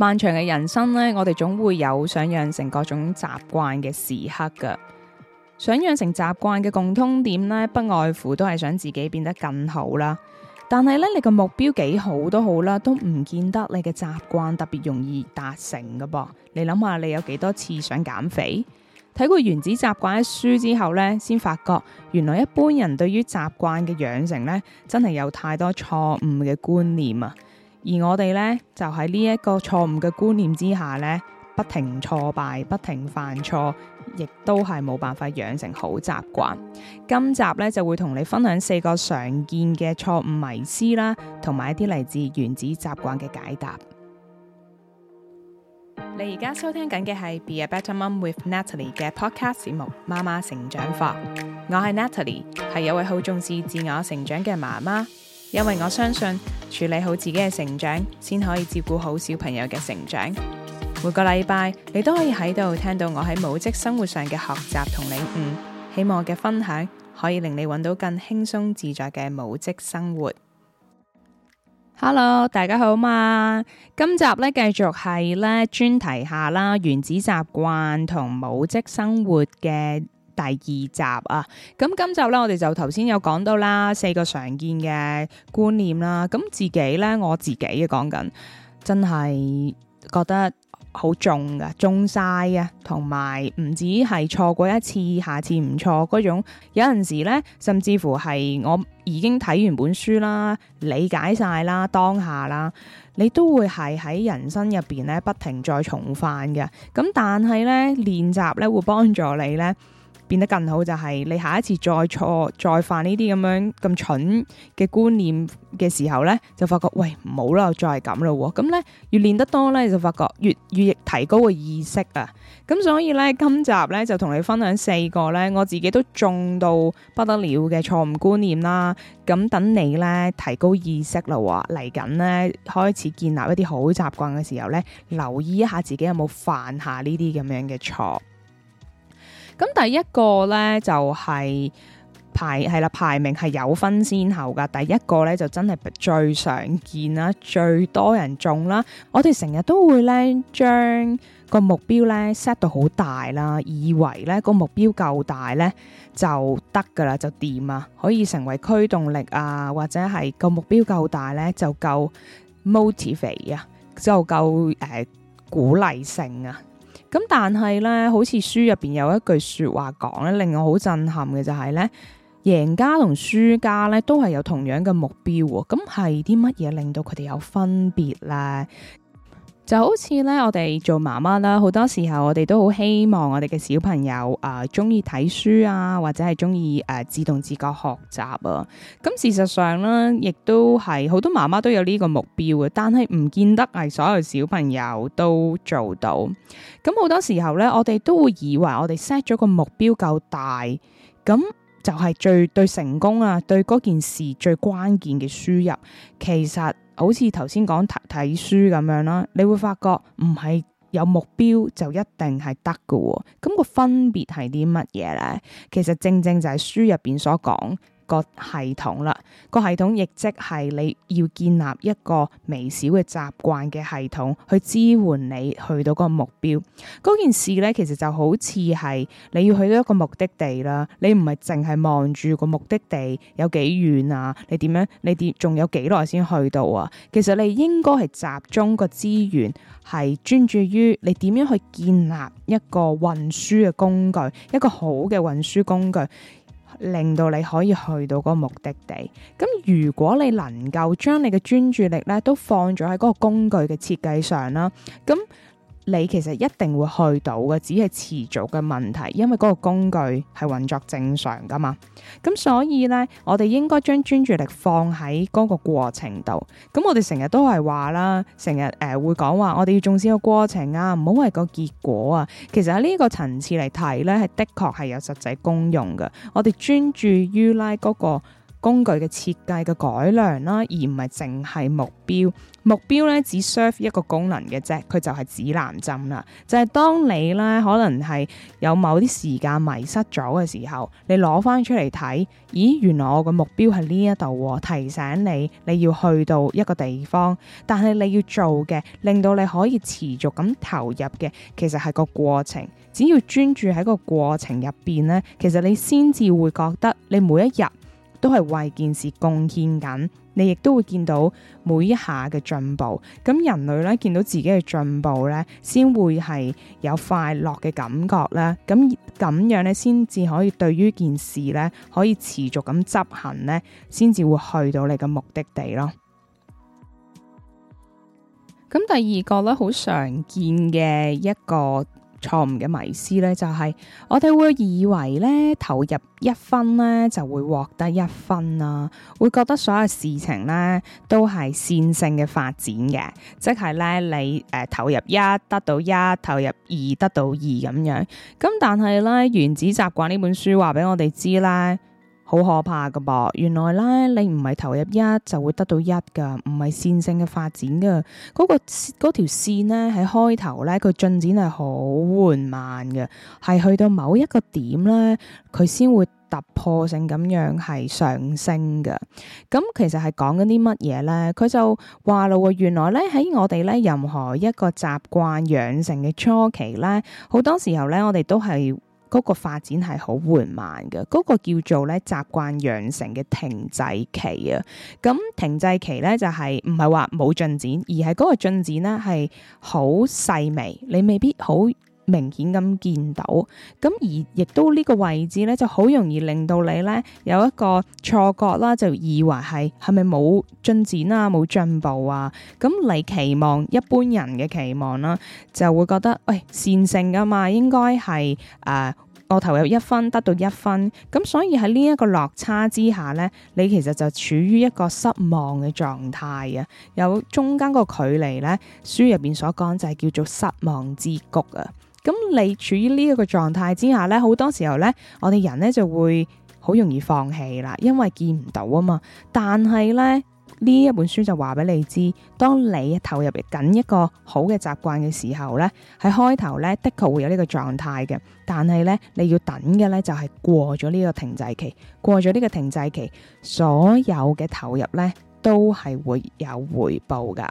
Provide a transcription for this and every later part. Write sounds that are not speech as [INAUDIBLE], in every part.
漫長嘅人生呢，我哋總會有想養成各種習慣嘅時刻噶。想養成習慣嘅共通點呢，不外乎都係想自己變得更好啦。但係呢，你個目標幾好都好啦，都唔見得你嘅習慣特別容易達成噶噃。你諗下，你有幾多次想減肥？睇過《原子習慣》一書之後呢，先發覺原來一般人對於習慣嘅養成呢，真係有太多錯誤嘅觀念啊！而我哋呢，就喺呢一個錯誤嘅觀念之下呢，不停挫敗，不停犯錯，亦都係冇辦法養成好習慣。今集呢，就會同你分享四個常見嘅錯誤迷思啦，同埋一啲嚟自原子習慣嘅解答。你而家收聽緊嘅係 Be a Better Mom with Natalie 嘅 podcast 節目《媽媽成長課》，我係 Natalie，係一位好重視自我成長嘅媽媽，因為我相信。處理好自己嘅成長，先可以照顧好小朋友嘅成長。每個禮拜你都可以喺度聽到我喺母職生活上嘅學習同領悟，希望我嘅分享可以令你揾到更輕鬆自在嘅母職生活。Hello，大家好嘛？今集呢，繼續係呢專題下啦，原子習慣同母職生活嘅，第二集啊，咁今集咧，我哋就頭先有講到啦，四個常見嘅觀念啦，咁自己咧，我自己嘅講緊，真係覺得好中噶，中晒啊，同埋唔止係錯過一次，下次唔錯嗰種，有陣時咧，甚至乎係我已經睇完本書啦，理解晒啦，當下啦，你都會係喺人生入邊咧，不停再重犯嘅，咁但係咧，練習咧會幫助你咧。變得更好，就係你下一次再錯再犯呢啲咁樣咁蠢嘅觀念嘅時候呢，就發覺喂，唔好啦，再係咁啦喎。咁呢，越練得多呢，就發覺越越易提高個意識啊。咁所以呢，今集呢，就同你分享四個呢，我自己都中到不得了嘅錯誤觀念啦。咁等你呢，提高意識啦，嚟緊呢，開始建立一啲好習慣嘅時候呢，留意一下自己有冇犯下呢啲咁樣嘅錯。咁第一個咧就係、是、排係啦、啊，排名係有分先後噶。第一個咧就真係最常見啦，最多人中啦。我哋成日都會咧將個目標咧 set 到好大啦，以為咧、那個目標夠大咧就得噶啦，就掂啊，可以成為驅動力啊，或者係個目標夠大咧就夠 motivate 啊，就夠誒、呃、鼓勵性啊。咁但係咧，好似書入邊有一句話說話講咧，令我好震撼嘅就係咧，贏家同輸家咧都係有同樣嘅目標喎。咁係啲乜嘢令到佢哋有分別咧？就好似咧，我哋做媽媽啦，好多時候我哋都好希望我哋嘅小朋友啊，中意睇書啊，或者係中意誒自動自覺學習啊。咁、嗯、事實上咧，亦都係好多媽媽都有呢個目標嘅，但係唔見得係所有小朋友都做到。咁、嗯、好多時候咧，我哋都會以為我哋 set 咗個目標夠大，咁就係最對成功啊，對嗰件事最關鍵嘅輸入，其實。好似頭先講睇睇書咁樣啦，你會發覺唔係有目標就一定係得嘅喎，咁個分別係啲乜嘢咧？其實正正就係書入邊所講。個系統啦，個系統亦即係你要建立一個微小嘅習慣嘅系統，去支援你去到個目標。嗰件事呢，其實就好似係你要去到一個目的地啦，你唔係淨係望住個目的地有幾遠啊？你點樣？你點仲有幾耐先去到啊？其實你應該係集中個資源，係專注於你點樣去建立一個運輸嘅工具，一個好嘅運輸工具。令到你可以去到嗰個目的地。咁如果你能夠將你嘅專注力呢都放咗喺嗰個工具嘅設計上啦，咁。你其實一定會去到嘅，只係遲早嘅問題，因為嗰個工具係運作正常㗎嘛。咁所以呢，我哋應該將專注力放喺嗰個過程度。咁我哋成日都係話啦，成日誒會講話，我哋要重視個過程啊，唔好為個結果啊。其實喺呢個層次嚟睇呢，係的確係有實際功用嘅。我哋專注於咧嗰個。工具嘅設計嘅改良啦，而唔係淨係目標。目標呢，只 serve 一個功能嘅啫，佢就係指南針啦。就係當你呢，可能係有某啲時間迷失咗嘅時候，你攞翻出嚟睇，咦，原來我嘅目標係呢一度，提醒你你要去到一個地方，但係你要做嘅，令到你可以持續咁投入嘅，其實係個過程。只要專注喺個過程入邊呢，其實你先至會覺得你每一日。都係為件事貢獻緊，你亦都會見到每一下嘅進步。咁人類咧見到自己嘅進步咧，先會係有快樂嘅感覺咧。咁咁樣咧，先至可以對於件事咧，可以持續咁執行咧，先至會去到你嘅目的地咯。咁第二個咧，好常見嘅一個錯誤嘅迷思呢，就係我哋會以為呢，投入一分呢，就會獲得一分啦。會覺得所有事情呢，都係線性嘅發展嘅，即係呢，你呃投入一得到一，投入二得到二咁樣。咁但係呢，《原子習慣》呢本書話俾我哋知咧。好可怕噶噃！原來咧，你唔係投入一就會得到一噶，唔係線性嘅發展噶。嗰、嗰個嗰條線咧，喺開頭咧，佢進展係好緩慢嘅，係去到某一個點咧，佢先會突破性咁樣係上升噶。咁其實係講緊啲乜嘢咧？佢就話咯，原來咧喺我哋咧任何一個習慣養成嘅初期咧，好多時候咧我哋都係。嗰個發展係好緩慢嘅，嗰個叫做咧習慣養成嘅停滯期啊。咁停滯期咧就係唔係話冇進展，而係嗰個進展咧係好細微，你未必好，明顯咁見到，咁而亦都呢個位置呢，就好容易令到你呢有一個錯覺啦，就以為係係咪冇進展啊，冇進步啊？咁你期望一般人嘅期望啦、啊，就會覺得喂、哎、線性㗎嘛，應該係誒我投入一分得到一分，咁所以喺呢一個落差之下呢，你其實就處於一個失望嘅狀態啊！有中間個距離呢，書入邊所講就係叫做失望之谷啊！咁你處於呢一個狀態之下呢，好多時候呢，我哋人呢就會好容易放棄啦，因為見唔到啊嘛。但係呢，呢一本書就話俾你知，當你投入緊一個好嘅習慣嘅時候呢，喺開頭呢的確會有呢個狀態嘅，但係呢，你要等嘅呢，就係過咗呢個停滯期，過咗呢個停滯期，所有嘅投入呢都係會有回報噶。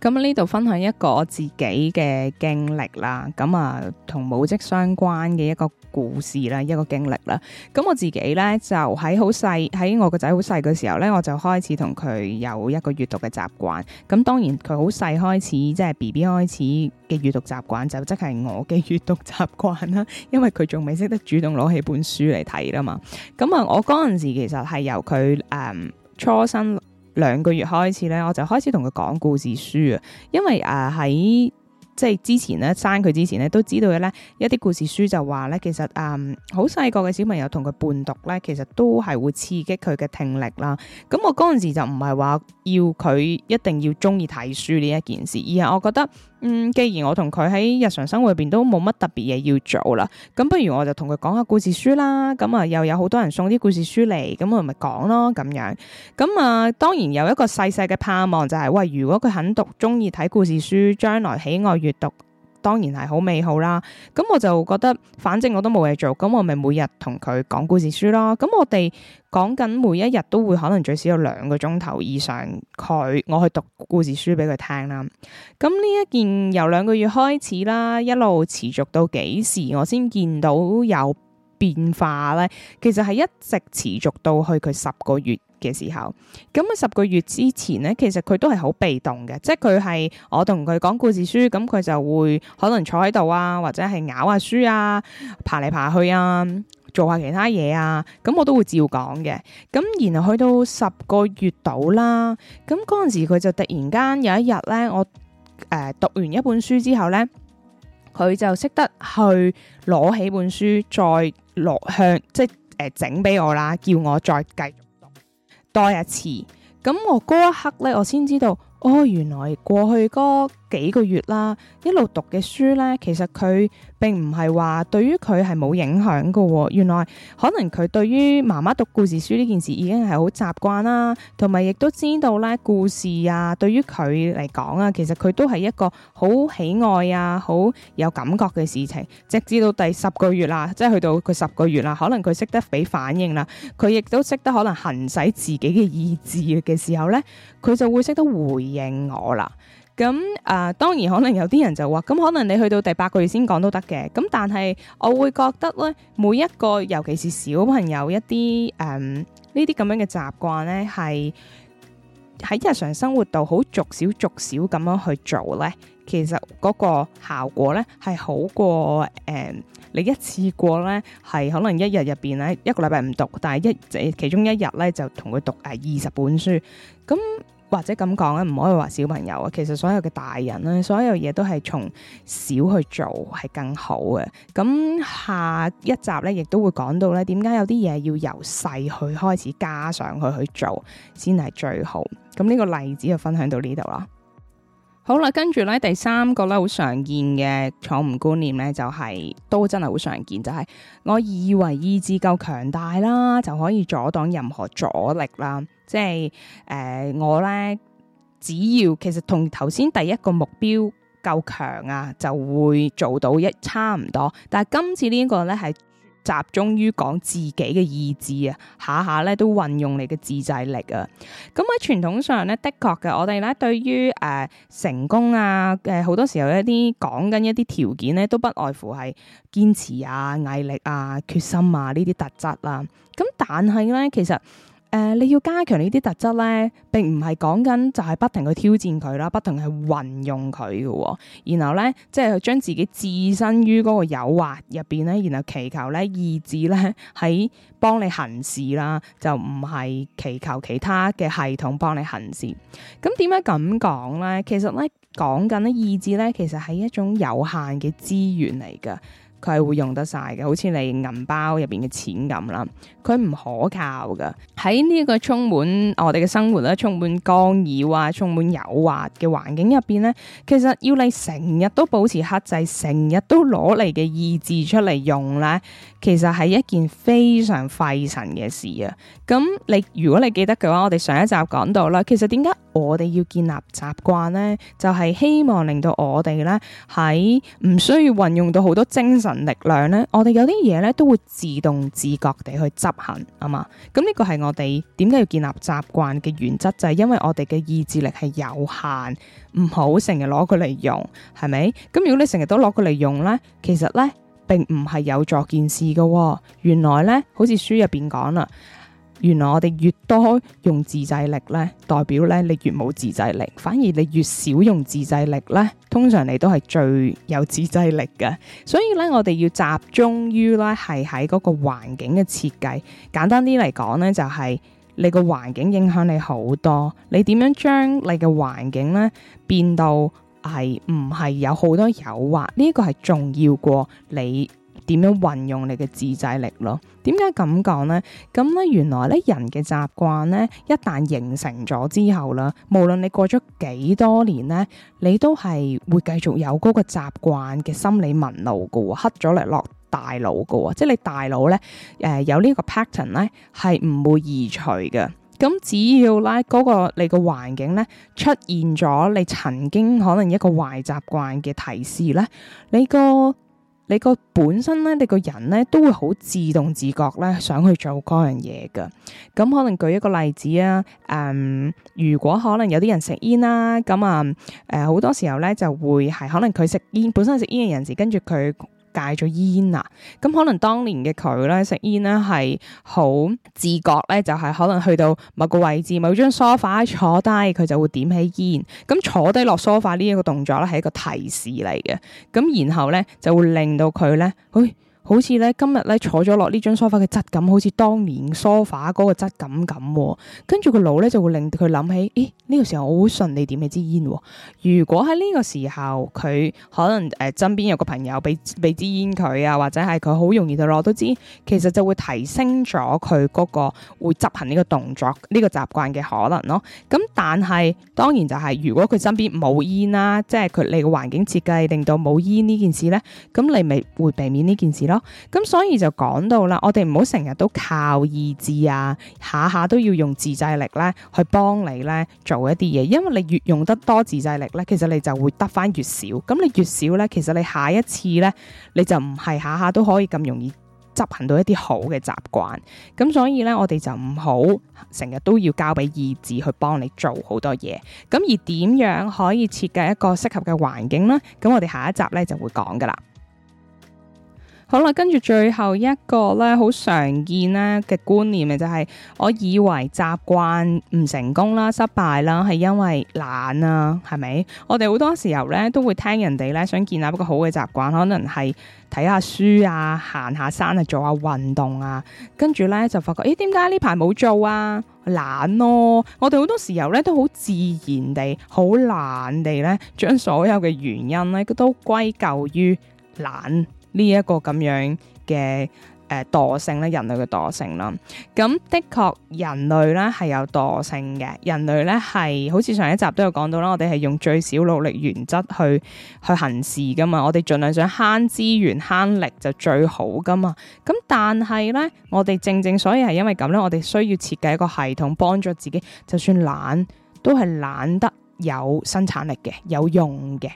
咁呢度分享一個我自己嘅經歷啦，咁啊同母職相關嘅一個故事啦，一個經歷啦。咁我自己呢，就喺好細，喺我個仔好細嘅時候呢，我就開始同佢有一個閱讀嘅習慣。咁當然佢好細開始，即係 BB 開始嘅閱讀習慣，就即係我嘅閱讀習慣啦。因為佢仲未識得主動攞起本書嚟睇啦嘛。咁啊，我嗰陣時其實係由佢嗯初生。兩個月開始咧，我就開始同佢講故事書啊，因為啊喺、呃、即係之前咧生佢之前咧都知道嘅咧，一啲故事書就話咧，其實啊好細個嘅小朋友同佢伴讀咧，其實都係會刺激佢嘅聽力啦。咁我嗰陣時就唔係話要佢一定要鍾意睇書呢一件事，而係我覺得。嗯，既然我同佢喺日常生活入邊都冇乜特別嘢要做啦，咁不如我就同佢講下故事書啦。咁啊，又有好多人送啲故事書嚟，咁我咪講咯咁樣。咁啊，當然有一個細細嘅盼望就係喂，如果佢肯讀，中意睇故事書，將來喜愛閱讀。當然係好美好啦，咁我就覺得，反正我都冇嘢做，咁我咪每日同佢講故事書咯。咁我哋講緊每一日都會可能最少有兩個鐘頭以上，佢我去讀故事書俾佢聽啦。咁呢一件由兩個月開始啦，一路持續到幾時我先見到有變化咧？其實係一直持續到去佢十個月。嘅時候，咁啊，十個月之前咧，其實佢都係好被動嘅，即係佢係我同佢講故事書，咁佢就會可能坐喺度啊，或者係咬下書啊，爬嚟爬去啊，做下其他嘢啊。咁我都會照講嘅。咁然後去到十個月度啦，咁嗰陣時佢就突然間有一日咧，我誒、呃、讀完一本書之後咧，佢就識得去攞起本書再落向，即係誒、呃、整俾我啦，叫我再繼續。多一次，咁我嗰一刻咧，我先知道，哦，原來過去嗰幾個月啦，一路讀嘅書呢，其實佢並唔係話對於佢係冇影響㗎喎。原來可能佢對於媽媽讀故事書呢件事已經係好習慣啦，同埋亦都知道呢故事啊，對於佢嚟講啊，其實佢都係一個好喜愛啊，好有感覺嘅事情。直至到第十個月啦，即係去到佢十個月啦，可能佢識得俾反應啦，佢亦都識得可能行使自己嘅意志嘅時候呢，佢就會識得回應我啦。咁啊、嗯，當然可能有啲人就話，咁、嗯、可能你去到第八個月先講都得嘅。咁、嗯、但係我會覺得咧，每一個尤其是小朋友一啲誒呢啲咁樣嘅習慣咧，係喺日常生活度好逐少逐少咁樣去做咧，其實嗰個效果咧係好過誒、嗯，你一次過咧係可能一日入邊咧一個禮拜唔讀，但係一其中一日咧就同佢讀誒二十本書咁。嗯。或者咁講咧，唔可以話小朋友啊，其實所有嘅大人咧，所有嘢都係從小去做係更好嘅。咁下一集咧，亦都會講到咧，點解有啲嘢要由細去開始加上去去做先係最好。咁呢個例子就分享到呢度啦。好啦，跟住咧，第三個咧好常見嘅錯誤觀念咧，就係都真係好常見，就係我以為意志夠強大啦，就可以阻擋任何阻力啦。即係誒、呃、我咧，只要其實同頭先第一個目標夠強啊，就會做到一差唔多。但係今次呢個咧係集中於講自己嘅意志啊，下下咧都運用你嘅自制力啊。咁喺傳統上咧，的確嘅，我哋咧對於誒、呃、成功啊，誒好多時候一啲講緊一啲條件咧，都不外乎係堅持啊、毅力啊、決心啊呢啲特質啊。咁但係咧，其實誒、呃，你要加強呢啲特質咧，並唔係講緊就係不停去挑戰佢啦，不停去運用佢嘅。然後咧，即係將自己置身於嗰個誘惑入邊咧，然後祈求咧意志咧喺幫你行事啦，就唔係祈求其他嘅系統幫你行事。咁點解咁講咧？其實咧講緊咧意志咧，其實係一種有限嘅資源嚟噶。佢係會用得晒嘅，好似你銀包入邊嘅錢咁啦。佢唔可靠噶。喺呢個充滿我哋嘅生活咧，充滿干擾啊，充滿誘惑嘅環境入邊呢，其實要你成日都保持克制，成日都攞嚟嘅意志出嚟用咧，其實係一件非常費神嘅事啊。咁你如果你記得嘅話，我哋上一集講到啦，其實點解？我哋要建立習慣呢，就係、是、希望令到我哋呢，喺唔需要運用到好多精神力量呢。我哋有啲嘢呢，都會自動自覺地去執行啊嘛。咁呢、嗯，這個係我哋點解要建立習慣嘅原則，就係、是、因為我哋嘅意志力係有限，唔好成日攞佢嚟用，係咪？咁、嗯、如果你成日都攞佢嚟用呢，其實呢，並唔係有助件事㗎、哦。原來呢，好似書入邊講啦。原來我哋越多用自制力咧，代表咧你越冇自制力；反而你越少用自制力咧，通常你都係最有自制力嘅。所以咧，我哋要集中於咧，係喺嗰個環境嘅設計。簡單啲嚟講咧，就係你個環境影響你好多。你點樣將你嘅環境咧變到係唔係有好多誘惑？呢個係重要過你。點樣運用你嘅自制力咯？點解咁講呢？咁咧，原來咧人嘅習慣咧，一旦形成咗之後啦，無論你過咗幾多年咧，你都係會繼續有嗰個習慣嘅心理紋路噶，喎，刻咗嚟落大腦噶，喎，即係你大腦咧，誒、呃，有呢個 pattern 咧，係唔會移除嘅。咁只要咧、那、嗰個你個環境咧，出現咗你曾經可能一個壞習慣嘅提示咧，你個。你個本身咧，你個人咧，都會好自動自覺咧，想去做嗰樣嘢噶。咁可能舉一個例子啊，誒、嗯，如果可能有啲人食煙啦，咁啊，誒、呃，好多時候咧就會係可能佢食煙，本身食煙嘅人士，跟住佢。戒咗煙喇！咁可能當年嘅佢咧食煙咧係好自覺咧，就係可能去到某個位置、某張梳化坐低，佢就會點起煙。咁坐低落梳化呢一個動作咧，係一個提示嚟嘅。咁然後咧就會令到佢咧，哎。好似咧今日咧坐咗落呢張梳化嘅質感，好似當年梳化嗰個質感咁，哦。跟住個腦咧就會令佢諗起，咦、欸、呢、這個時候我好順你點起支煙。如果喺呢個時候佢可能誒、呃、身邊有個朋友俾俾支煙佢啊，或者係佢好容易就攞到支，其實就會提升咗佢嗰個會執行呢個動作呢，這個習慣嘅可能咯。咁但係當然就係、是、如果佢身邊冇煙啦，即係佢你個環境設計令到冇煙呢件事咧，咁你咪會避免呢件事咯。咁所以就講到啦，我哋唔好成日都靠意志啊，下下都要用自制力咧去幫你咧做一啲嘢，因為你越用得多自制力咧，其實你就會得翻越少。咁你越少咧，其實你下一次咧，你就唔係下下都可以咁容易執行到一啲好嘅習慣。咁所以咧，我哋就唔好成日都要交俾意志去幫你做好多嘢。咁而點樣可以設計一個適合嘅環境呢？咁我哋下一集咧就會講噶啦。好啦，跟住最後一個咧，好常見咧嘅觀念嘅就係、是，我以為習慣唔成功啦、失敗啦，係因為懶啊，係咪？我哋好多時候咧都會聽人哋咧想建立一個好嘅習慣，可能係睇下書啊、行下山啊、做下運動啊，跟住咧就發覺，咦？點解呢排冇做啊？懶咯、啊！我哋好多時候咧都好自然地、好懶地咧，將所有嘅原因咧都歸咎於懶。呢一個咁樣嘅誒惰性咧，人類嘅惰性啦。咁的確人類咧係有惰性嘅，人類咧係好似上一集都有講到啦，我哋係用最少努力原則去去行事㗎嘛，我哋盡量想慳資源慳力就最好㗎嘛。咁但係咧，我哋正正所以係因為咁咧，我哋需要設計一個系統幫助自己，就算懶都係懶得有生產力嘅，有用嘅。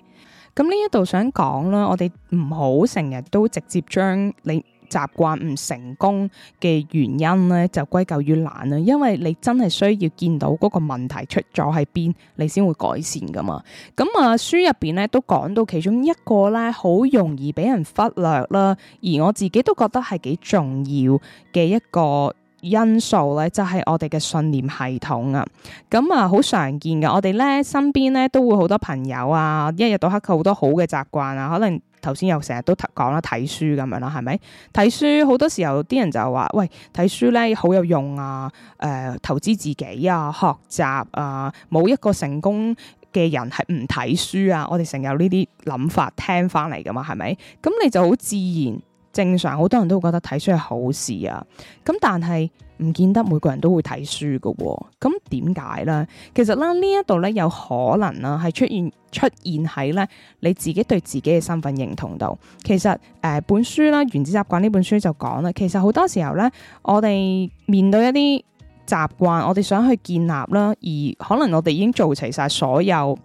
咁呢一度想講啦，我哋唔好成日都直接將你習慣唔成功嘅原因咧，就歸咎於懶啦，因為你真係需要見到嗰個問題出咗喺邊，你先會改善噶嘛。咁啊，書入邊咧都講到其中一個咧，好容易俾人忽略啦，而我自己都覺得係幾重要嘅一個。因素咧就係我哋嘅信念系統啊，咁啊好常見嘅。我哋咧身邊咧都會好多朋友啊，一日到黑佢好多好嘅習慣啊。可能頭先又成日都講啦，睇書咁樣啦，係咪？睇書好多時候啲人就話：喂，睇書咧好有用啊！誒，投資自己啊，學習啊，冇一個成功嘅人係唔睇書啊！我哋成日有呢啲諗法聽翻嚟噶嘛，係咪？咁你就好自然。正常好多人都會覺得睇書係好事啊，咁但係唔見得每個人都會睇書嘅喎。哦，咁點解呢？其實呢呢一度呢，有可能啊，係出現出現喺呢你自己對自己嘅身份認同度。其實誒、呃、本書啦《原子習慣》呢本書就講啦，其實好多時候呢，我哋面對一啲習慣，我哋想去建立啦，而可能我哋已經做齊晒所有。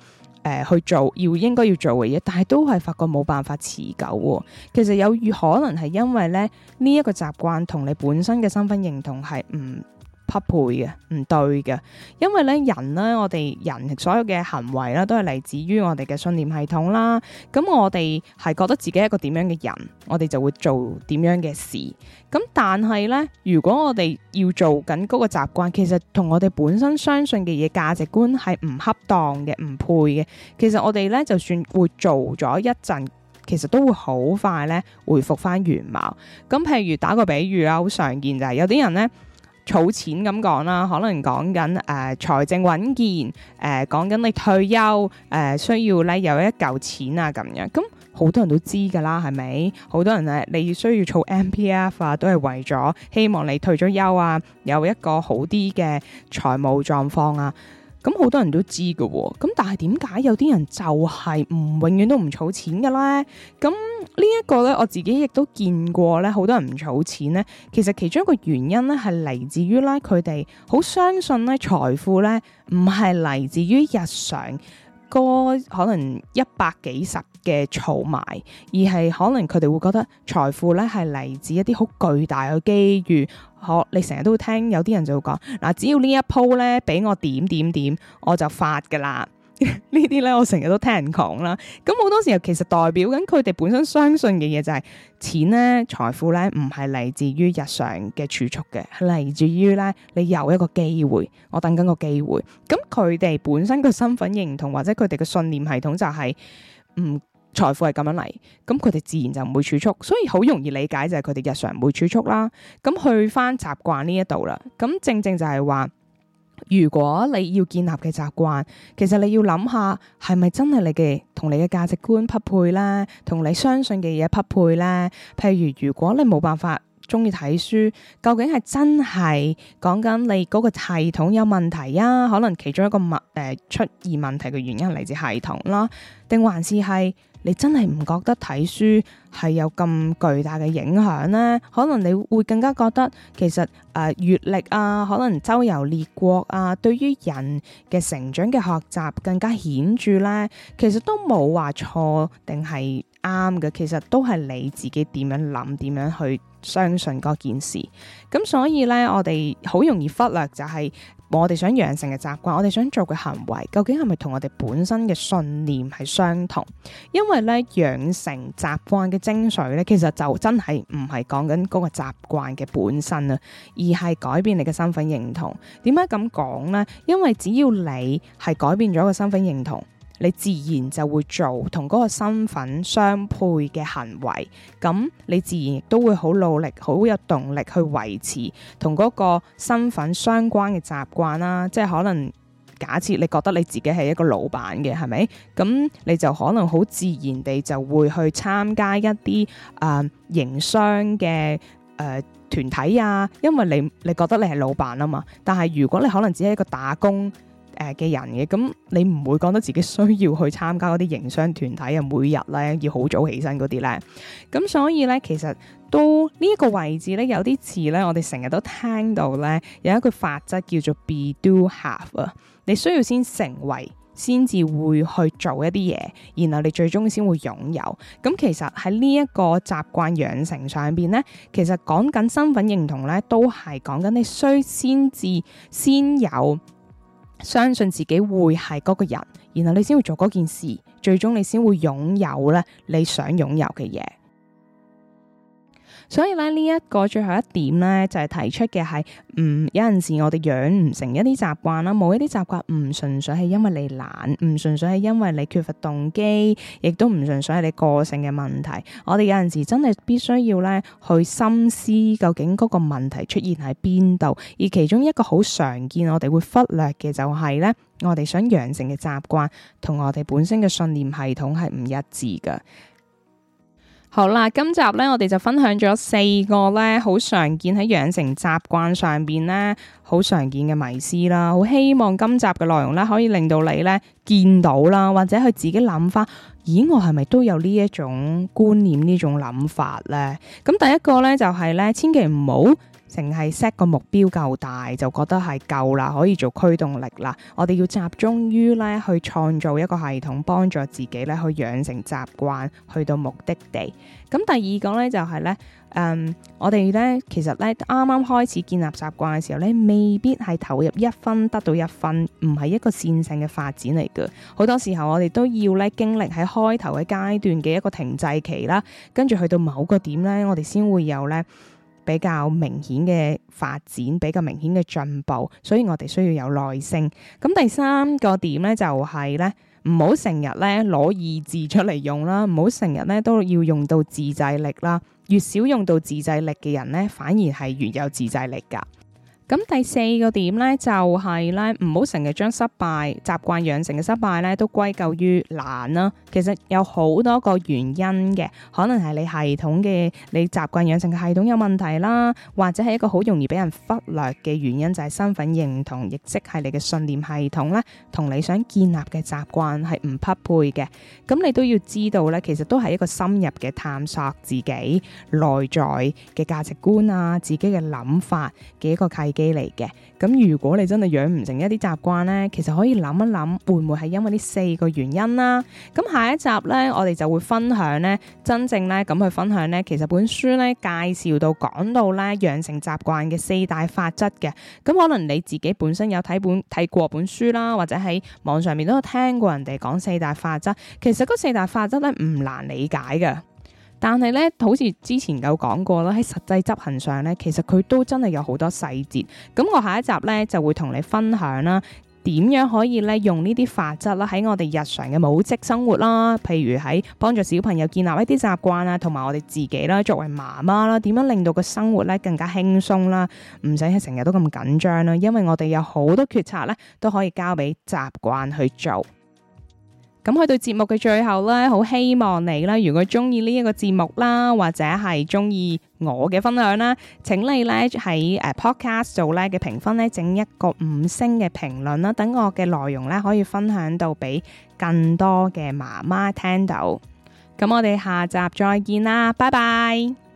誒、呃、去做要應該要做嘅嘢，但係都係發覺冇辦法持久喎。其實有可能係因為咧呢一、呢個習慣同你本身嘅身份認同係唔匹配嘅唔對嘅，因為咧人咧，我哋人所有嘅行為咧，都係嚟自於我哋嘅信念系統啦。咁我哋係覺得自己一個點樣嘅人，我哋就會做點樣嘅事。咁但係咧，如果我哋要做緊嗰個習慣，其實同我哋本身相信嘅嘢價值觀係唔恰當嘅，唔配嘅。其實我哋咧就算會做咗一陣，其實都會好快咧回復翻原貌。咁譬如打個比喻啦，好常見就係有啲人咧。儲錢咁講啦，可能講緊誒財政穩健，誒講緊你退休，誒、呃、需要咧有一嚿錢啊咁樣，咁好多人都知噶啦，係咪？好多人誒，你需要儲 MPF 啊，都係為咗希望你退咗休啊，有一個好啲嘅財務狀況啊。咁好多人都知㗎，咁但係點解有啲人就係唔永遠都唔儲錢嘅咧？咁呢一個咧，我自己亦都見過咧，好多人唔儲錢咧，其實其中一個原因咧係嚟自於咧佢哋好相信咧財富咧唔係嚟自於日常。個可能一百幾十嘅儲埋，而係可能佢哋會覺得財富咧係嚟自一啲好巨大嘅機遇。我，你成日都會聽，有啲人就會講，嗱，只要呢一鋪咧俾我點點點，我就發噶啦。呢啲咧， [LAUGHS] 我成日都聽人講啦。咁好多時候其實代表緊佢哋本身相信嘅嘢就係錢咧，財富咧唔係嚟自於日常嘅儲蓄嘅，係嚟自於咧你有一個機會，我等緊個機會。咁佢哋本身個身份認同或者佢哋嘅信念系統就係唔財富係咁樣嚟，咁佢哋自然就唔會儲蓄，所以好容易理解就係佢哋日常唔會儲蓄啦。咁去翻習慣呢一度啦，咁正正就係話。如果你要建立嘅習慣，其實你要諗下，係咪真係你嘅同你嘅價值觀匹配咧，同你相信嘅嘢匹配咧？譬如如果你冇辦法。中意睇書，究竟係真係講緊你嗰個系統有問題啊？可能其中一個問誒、呃、出現問題嘅原因係嚟自系統啦，定還是係你真係唔覺得睇書係有咁巨大嘅影響呢？可能你會更加覺得其實誒閱歷啊，可能周遊列國啊，對於人嘅成長嘅學習更加顯著呢。其實都冇話錯，定係。啱嘅，其實都係你自己點樣諗，點樣去相信嗰件事。咁所以呢，我哋好容易忽略就係我哋想養成嘅習慣，我哋想做嘅行為，究竟係咪同我哋本身嘅信念係相同？因為呢，養成習慣嘅精髓呢，其實就真係唔係講緊嗰個習慣嘅本身啊，而係改變你嘅身份認同。點解咁講呢？因為只要你係改變咗個身份認同。你自然就會做同嗰個身份相配嘅行為，咁你自然都會好努力、好有動力去維持同嗰個身份相關嘅習慣啦、啊。即係可能假設你覺得你自己係一個老闆嘅，係咪？咁你就可能好自然地就會去參加一啲啊、呃、營商嘅誒、呃、團體啊，因為你你覺得你係老闆啊嘛。但係如果你可能只係一個打工誒嘅人嘅，咁你唔會覺得自己需要去參加嗰啲營商團體啊。每日咧要好早起身嗰啲咧，咁所以咧，其實到呢個位置咧，有啲字咧，我哋成日都聽到咧，有一句法則叫做 be do have 啊，你需要先成為，先至會去做一啲嘢，然後你最終先會擁有。咁其實喺呢一個習慣養成上邊咧，其實講緊身份認同咧，都係講緊你需先至先有。相信自己會係嗰個人，然後你先會做嗰件事，最終你先會擁有咧你想擁有嘅嘢。所以咧，呢一個最後一點咧，就係提出嘅係，嗯，有陣時我哋養唔成一啲習慣啦，某一啲習慣唔純粹係因為你懶，唔純粹係因為你缺乏動機，亦都唔純粹係你個性嘅問題。我哋有陣時真係必須要咧去深思，究竟嗰個問題出現喺邊度？而其中一個好常見，我哋會忽略嘅就係咧，我哋想養成嘅習慣同我哋本身嘅信念系統係唔一致㗎。好啦，今集咧，我哋就分享咗四個咧，好常見喺養成習慣上邊咧，好常見嘅迷思啦。好希望今集嘅內容咧，可以令到你咧見到啦，或者佢自己諗翻，咦，我係咪都有呢一種觀念呢種諗法咧？咁第一個咧就係咧，千祈唔好。淨係 set 個目標夠大就覺得係夠啦，可以做驅動力啦。我哋要集中於咧去創造一個系統，幫助自己咧去養成習慣，去到目的地。咁、嗯、第二個咧就係、是、咧，嗯，我哋咧其實咧啱啱開始建立習慣嘅時候咧，未必係投入一分得到一分，唔係一個線性嘅發展嚟嘅。好多時候我哋都要咧經歷喺開頭嘅階段嘅一個停滯期啦，跟住去到某個點咧，我哋先會有咧，比較明顯嘅發展，比較明顯嘅進步，所以我哋需要有耐性。咁第三個點咧、就是，就係咧，唔好成日咧攞意志出嚟用啦，唔好成日咧都要用到自制力啦。越少用到自制力嘅人咧，反而係越有自制力噶。咁第四個點咧，就係咧，唔好成日將失敗習慣養成嘅失敗咧，都歸咎於懶啦。其實有好多個原因嘅，可能係你系統嘅你習慣養成嘅系統有問題啦，或者係一個好容易俾人忽略嘅原因，就係身份認同，亦即係你嘅信念系統咧，同你想建立嘅習慣係唔匹配嘅。咁你都要知道咧，其實都係一個深入嘅探索自己內在嘅價值觀啊，自己嘅諗法嘅一個契機嚟嘅，咁如果你真係養唔成一啲習慣呢，其實可以諗一諗，會唔會係因為呢四個原因啦？咁下一集呢，我哋就會分享呢，真正呢，咁去分享呢，其實本書呢介紹到講到呢養成習慣嘅四大法則嘅，咁可能你自己本身有睇本睇過本書啦，或者喺網上面都有聽過人哋講四大法則，其實嗰四大法則呢唔難理解嘅。但係咧，好似之前有講過啦，喺實際執行上咧，其實佢都真係有好多細節。咁我下一集咧就會同你分享啦，點樣可以咧用呢啲法則啦，喺我哋日常嘅母職生活啦，譬如喺幫助小朋友建立一啲習慣啦，同埋我哋自己啦，作為媽媽啦，點樣令到個生活咧更加輕鬆啦，唔使成日都咁緊張啦，因為我哋有好多決策咧都可以交俾習慣去做。咁去到節目嘅最後咧，好希望你咧，如果中意呢一個節目啦，或者係中意我嘅分享啦，請你咧喺誒 Podcast 度咧嘅評分咧，整一個五星嘅評論啦，等我嘅內容咧可以分享到俾更多嘅媽媽聽到。咁我哋下集再見啦，拜拜。